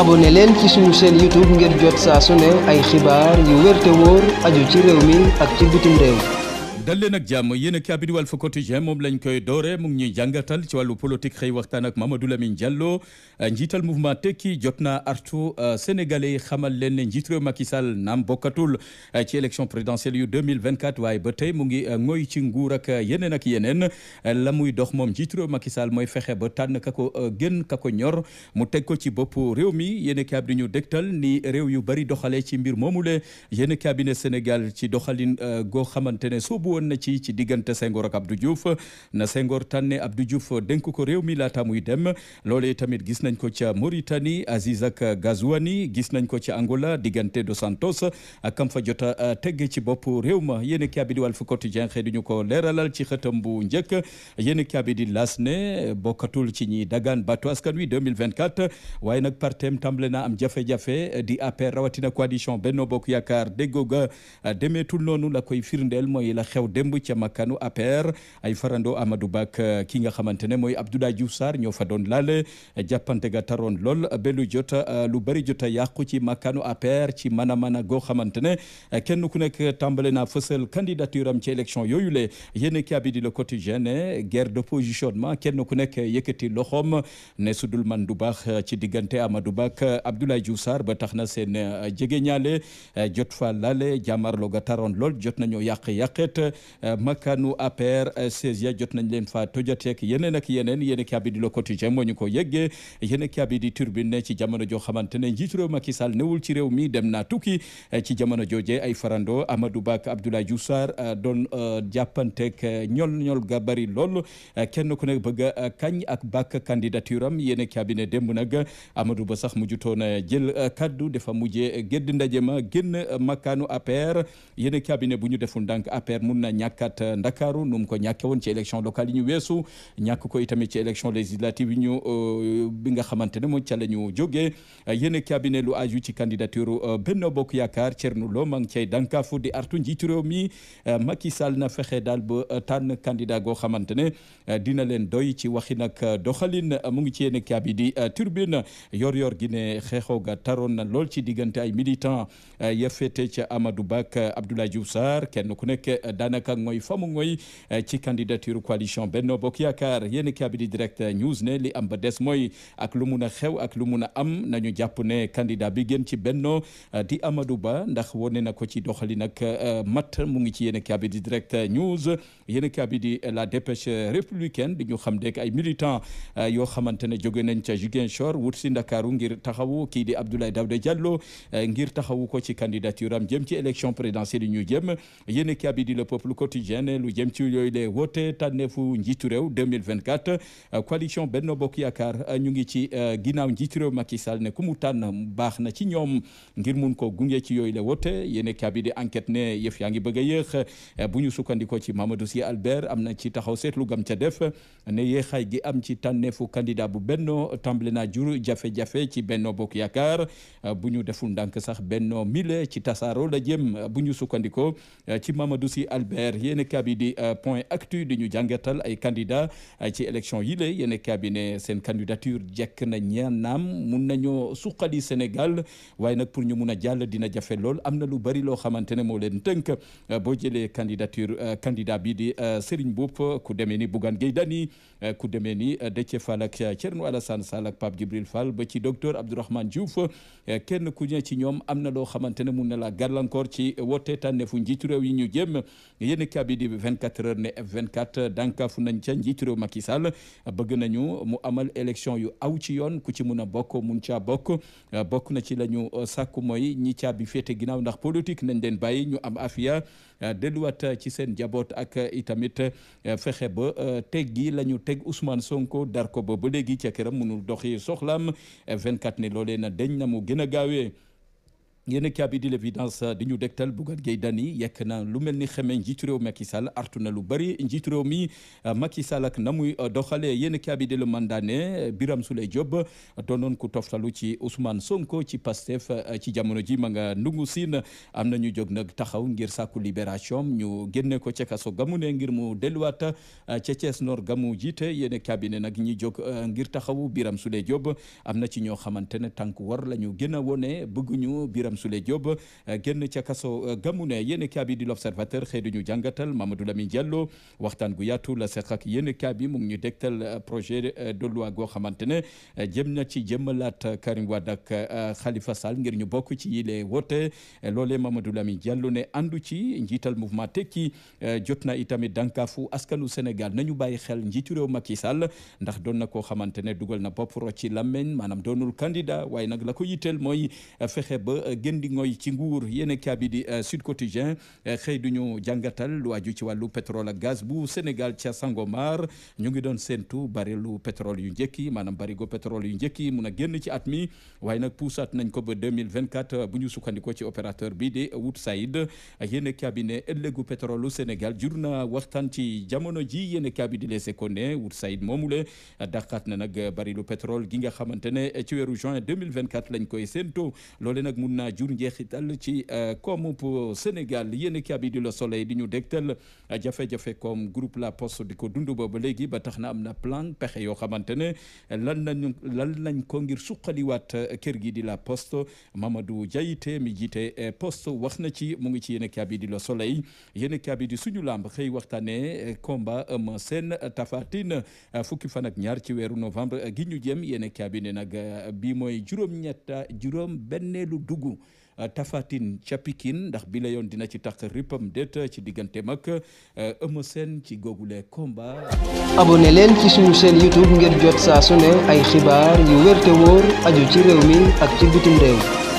abone leen ci suñu chaîne YouTube ngir jot saasu ne ay xibaar yu wér te wóor aju ci réew mi ak ci bitim réew dal leen ak jàmm yéen a kii abidi Walf Quotidien moom lañ koy doore mu ngi ñuy jàngatal ci wàllu politique xëy waxtaan ak Mamadou Lamine Diallo euh, njiital mouvement tekki jot naa artu euh, sénégalais yi xamal leen ne njiit réew Macky Sall naam bokkatul euh, ci élection présidentielle yu 2024 waaye ba tey mu ngi ngoy ci nguur ak yeneen ak yeneen la muy dox moom njiit réew Macky Sall mooy fexe ba tànn ka ko gën ka ko ñor mu teg ko ci bopp réew mi yéen a kii ñu dégtal ni réew yu bari doxalee ci mbir moomule yéen a kii abidi Sénégal ci doxalin goo xamante ne woon na ci ci diggante Senghor ak Abdou Diouf na Senghor tànne Abdou Diouf dénk ko réew mi laata muy dem loolee tamit gis nañ ko ca Mauritanie Aziz ak Gazouani gis nañ ko ci Angola diggante Dos Santos ak kam fa jot a ci bopp réew ma yéen kaabidi Walf Quotidien xëy ñu ko leeralal ci xëtam bu njëkk yéen kaabidi las ne bokkatul ci ñi dagan batu askan wi 2024 waaye nag partem tàmbale na am jafe-jafe di APR rawatina coalition Benno Bokk Yaakaar déggoo ga demeetul noonu la koy xew démb ca makkanu APR ay farando Amadou Ba ak eh, ki nga xamante ne mooy Abdoulaye Diouf Sarr ñoo fa doon laale jàppante ga taroon lool ba lu jot eh, lu bari jot a yàqu ci makkanu APR ci mana mana goo xamante ne eh, kenn ku nekk tàmbale naa fësal candidature am ci élection yooyu le yéen ki abidi le quotidien ne guerre de positionnement kenn ku nekk yëkkati loxoom ne su dul man du baax ci diggante Amadou Ba ak Abdoulaye ba tax na seen jege ñaale jot fa laale jàmmarloo ga taroon lool jot Euh, makkanu APR euh, seize ya jot nañ leen fa tojateek yeneen ak yeneen yéen ki abidi Le Quotidien moo ñu ko yëggee yéen ki abidi Turbine ci jamono joo xamante ne njiitu réew Macky Sall newul ci réew mi dem naa tukki euh, ci jamono jooje ay farando Amadou Ba ak Abdoulaye Diouf Sarr doon jàppanteeg ñol ñol ga bari lool kenn ku ne bëgg a kañ ak bak candidature am yéen ki abine démb nag Amadou Ba sax mujjutoon jël kaddu dafa mujje gedd ndaje ma génn makkaanu APR yéen ki abine bu ñu deful ndànk mun ñàkkat eh, Ndakaaru nu mu ko ñàkke woon ci élection locale yi ñu weesu ñàkk ko itamit ci élection législative yi ñu eh, bi nga xamante ne moom ca la ñu jógee eh, yéen cabinet lu aju ci candidature Benno Bokk Yaakaar Thierno Lo maa ngi cay dànkaafu di artu njiitu réew na fexe daal ba tànn candidat goo xamante ne dina leen doy ci waxi nag doxalin mu ngi ci yéen cabinet di turbine yor yor gi ne xeexoo ga taroon na lool ci diggante ay militant ya féete ca Amadou Ba ak Abdoulaye Diouf dana ka ŋoy famu ŋoy eh, ci candidature coalition Benno Bokk Yaakaar yéen kaabi di direct eh, news ne li am ba des mooy ak lu mun a xew ak lu mun a am nañu jàpp ne candidat bi gën ci Benno eh, di Amadou Ba ndax wone na ko ci doxali nag mat mu ngi ci yéen kaabi direct news yéen kaabi di la dépêche républicaine di ñu xam dek ay militant yoo xamante ne jóge nañ ca Ziguinchor wut si Ndakaaru ngir taxawu kii di Abdoulaye Daouda Diallo ngir taxawu ko ci candidature am jëm ci élection présidentielle ñu jëm peuple quotidien lu jëm ci yooyu lee woote tànneefu njiitu réew 2024 euh, coalition Benno Bokk Yaakaar euh, ñu ngi ci euh, ginnaaw njiitu réew Macky Sall ne ku mu tànn baax na ci ñoom ngir mun ko gunge ci yooyu le woote yéen kabi di enquête ne yëf yaa ngi bëgg a yéex bu ñu sukkandikoo ci Mamadou Sy Albert am na ci taxaw seetlu gam ca def ne yéexaay gi am ci tànneefu candidat bu Benno tàmbale naa jur jafe-jafe ci Benno Bokk Yaakaar bu ñu deful ndànk sax Benno mile ci tasaaro la jëm bu ñu sukkandikoo ci Mamadou Albert yéen kabi di euh, point actu du ñu jàngatal ay candidat euh, ci élection yi la yéen kabi ne seen candidature jekk na ña naam mun nañoo suqali Sénégal waaye nag pour ñu mun a jàll dina jafe lool am na lu bari loo xamante ne moo leen tënk euh, boo jëlee candidature candidat bi di Serigne Mboup ku demee ni Bougane Gueye Dany ku demee ni Déthié Fall ak Thierno Alassane Sall ak Pape Djibril Fall ba ci docteur Abdourahmane Diouf kenn ku ne ci ñoom am na loo xamante ne mun na la gàllankoor ci wote tànneefu njiitu réew yi ñu jëm yéen kabi di 24 heures ne F24 dànkaafu nañ ca njiitu réew Macky Sall bëgg nañu mu amal élection yu aw ci yoon ku ci mun a bokk mun caa bokk bokk na ci la euh, sàkku mooy ñi caabi féete ginnaaw ndax politique nañ leen bàyyi ñu am afiya euh, delluwaat ci seen njaboot ak itamit euh, fexe ba teg gi la ñu teg Ousmane Sonko dar ko ba ba léegi ca këram munul doxi soxlaam F24 ne loolee na deñ na mu gën a gaawee yéen kaabi di l'évidence di ñu dégtal Bougane Gueye Dany yekk na lu mel ni xeme njiitu réew Macky Sall artu na lu bëri njiitu réew mi Macky Sall ak na muy doxale yéen kaabi di le mandane Birame Souleye Diop doonoon ku toftalu ci Ousmane Sonko ci Pastef ci jamono ji ma nga ndungu siin am na ñu jog nag taxaw ngir saku libération ñu génne ko ca kaso gamu ne ngir mu delluwaat ca Thiès Nord gamu jiite yéen kaabi ne nag ñi jog euh, ngir taxaw Birame Souleye Diop am na ci ñoo xamante ne tànk war la ñu gën a wone bëgguñu Birame Birame Souleye Diop euh, génn ca kaso euh, gamu ne yéen kaabi di l'observateur xëy duñu jàngatal Mamadou Lamine Diallo waxtaan gu yaatu la seq ak yéen kaabi mu ngi ñu dégtal euh, projet de loi goo xamante ne jëm na ci jëmmalaat karin wa ak Khalifa sal ngir ñu bokk ci yile woote loolee Mamadou Lamine Diallo ne andu ci njiital mouvement tekki jot na itamit dankafu askanu Sénégal nañu bàyyi xel njiitu réew Macky Sall ndax doon na koo xamante ne dugal na bopp ci làmmeñ maanaam doonul candidat waaye la ko yitteel mooy fexe gën di ngoy ci nguur yéen kaabi di euh, Sud Quotidien euh, xëy du ñu jàngatal lu aju ci wàllu pétrole ak gaz bu Sénégal ca mar ñu ngi doon séentu barilu pétrole yu njëkki maanaam barigo pétrole yu njëkki mun a génn ci at mi waaye nag puusaat nañ ko ba 2024 bu ñu sukkandikoo ci opérateur bi di Woodside yéen kaabi ne ëllëgu pétrole Sénégal jur na waxtaan ci jamono ji yéen kaabi di Les Échos ne Woodside moomule dàqaat na nag barilu pétrole gi nga xamante ne ci weeru juin 2024 lañ koy séentu loole nag mun jur njeexital ci koomu euh, Sénégal yéen kaabi di la soleil di ñu dégtal euh, jafe-jafe comme groupe La Poste di ko dund booba léegi ba tax na am na plan pexe yoo xamante ne lan lañu lan lañ ko ngir suqaliwaat euh, kër gi di La Poste Mamadou Diaité mi jiite Poste wax na ci mu ngi ci yéen kaabi di la soleil yéen kaabi di suñu làmb xëy waxtaanee combat Eumeu Sène Tapha Tine fukki fan ak ñaar ci weeru novembre gi ñu jëm yéen kaabi ne nag bii mooy juróom-ñett juróom benneelu dugg Euh, Tafatine ca Pikine ndax bi la yoon dina ci takk rippam déet ci diggante mag euh, Eumeu seen ci googule combat. abonné leen ci suñu chaîne YouTube ngir jot saa su ay xibaar yu wér te aju ci réew mi ak ci bitim réew.